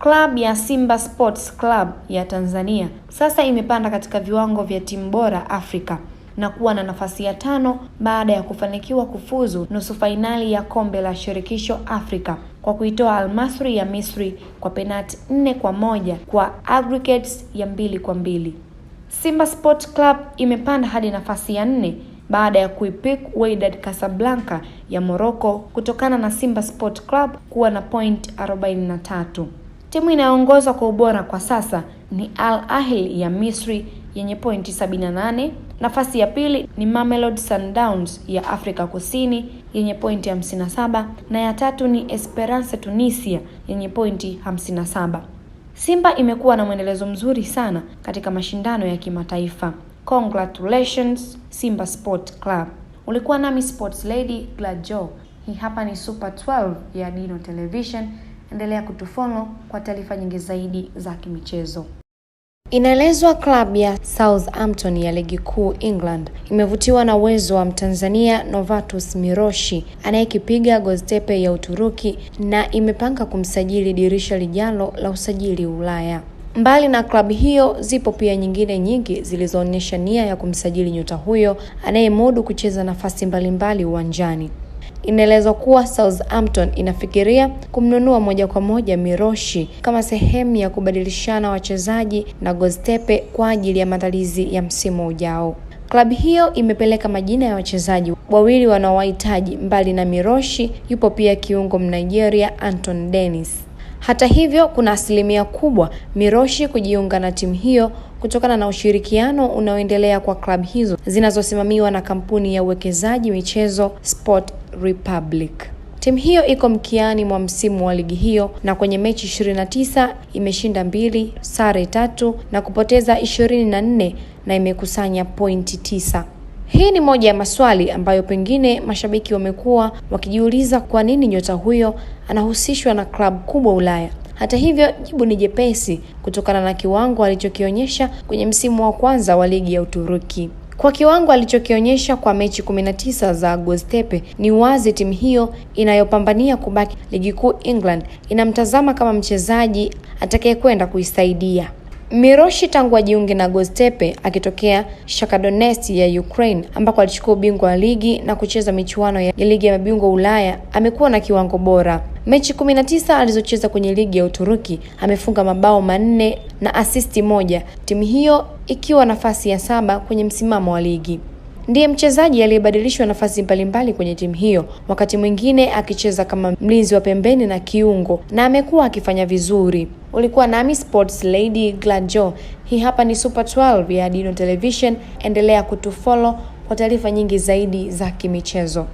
Klabu ya Simba Sports Club ya Tanzania sasa imepanda katika viwango vya timu bora Afrika na kuwa na nafasi ya tano baada ya kufanikiwa kufuzu nusu fainali ya kombe la shirikisho Afrika kwa kuitoa Almasri ya Misri kwa penati nne kwa moja kwa aggregates ya mbili kwa mbili. Simba Sport Club imepanda hadi nafasi ya nne baada ya kuipick Wydad Casablanca ya Morocco kutokana na Simba Sport Club kuwa na point 43. Timu inayoongoza kwa ubora kwa sasa ni Al Ahli ya Misri yenye pointi 78. Nafasi ya pili ni Mamelodi Sundowns ya Afrika Kusini yenye pointi 57 na ya tatu ni Esperance Tunisia yenye pointi 57. Simba imekuwa na mwendelezo mzuri sana katika mashindano ya kimataifa. Congratulations Simba Sport Club. Ulikuwa nami Sports Lady Gladjo. Hii hapa ni Super 12 ya Dino Television endelea kutufollow kwa taarifa nyingi zaidi za kimichezo. Inaelezwa klabu ya Southampton ya ligi kuu England imevutiwa na uwezo wa Mtanzania Novatus Miroshi anayekipiga Göztepe ya Uturuki na imepanga kumsajili dirisha lijalo la usajili Ulaya. Mbali na klabu hiyo, zipo pia nyingine nyingi zilizoonyesha nia ya kumsajili nyota huyo anayemudu kucheza nafasi mbalimbali uwanjani mbali Inaelezwa kuwa Southampton inafikiria kumnunua moja kwa moja Miroshi kama sehemu ya kubadilishana wachezaji na gostepe kwa ajili ya maandalizi ya msimu ujao. Klabu hiyo imepeleka majina ya wachezaji wawili wanaowahitaji. Mbali na Miroshi, yupo pia kiungo Mnigeria Anton Dennis. Hata hivyo, kuna asilimia kubwa Miroshi kujiunga na timu hiyo kutokana na ushirikiano unaoendelea kwa klabu hizo zinazosimamiwa na kampuni ya uwekezaji michezo Sport Republic. Timu hiyo iko mkiani mwa msimu wa ligi hiyo na kwenye mechi 29 imeshinda mbili, sare tatu na kupoteza 24 na imekusanya pointi tisa. Hii ni moja ya maswali ambayo pengine mashabiki wamekuwa wakijiuliza kwa nini nyota huyo anahusishwa na klabu kubwa Ulaya. Hata hivyo, jibu ni jepesi kutokana na kiwango alichokionyesha kwenye msimu wa kwanza wa ligi ya Uturuki. Kwa kiwango alichokionyesha kwa mechi 19 za Gostepe, ni wazi timu hiyo inayopambania kubaki ligi kuu England inamtazama kama mchezaji atakayekwenda kuisaidia Miroshi tangu ajiunge na Gostepe akitokea Shaka ya Ukraine ambako alichukua ubingwa wa ligi na kucheza michuano ya ligi ya mabingwa Ulaya, amekuwa na kiwango bora. Mechi kumi alizocheza kwenye ligi ya Uturuki amefunga mabao manne na asisti moja, timu hiyo ikiwa nafasi ya saba kwenye msimamo wa ligi. Ndiye mchezaji aliyebadilishwa nafasi mbalimbali kwenye timu hiyo, wakati mwingine akicheza kama mlinzi wa pembeni na kiungo, na amekuwa akifanya vizuri. Ulikuwa nami Sports Lady Gladjo. Hii hapa ni Super 12 ya Dino Television. Endelea kutufollow kwa taarifa nyingi zaidi za kimichezo.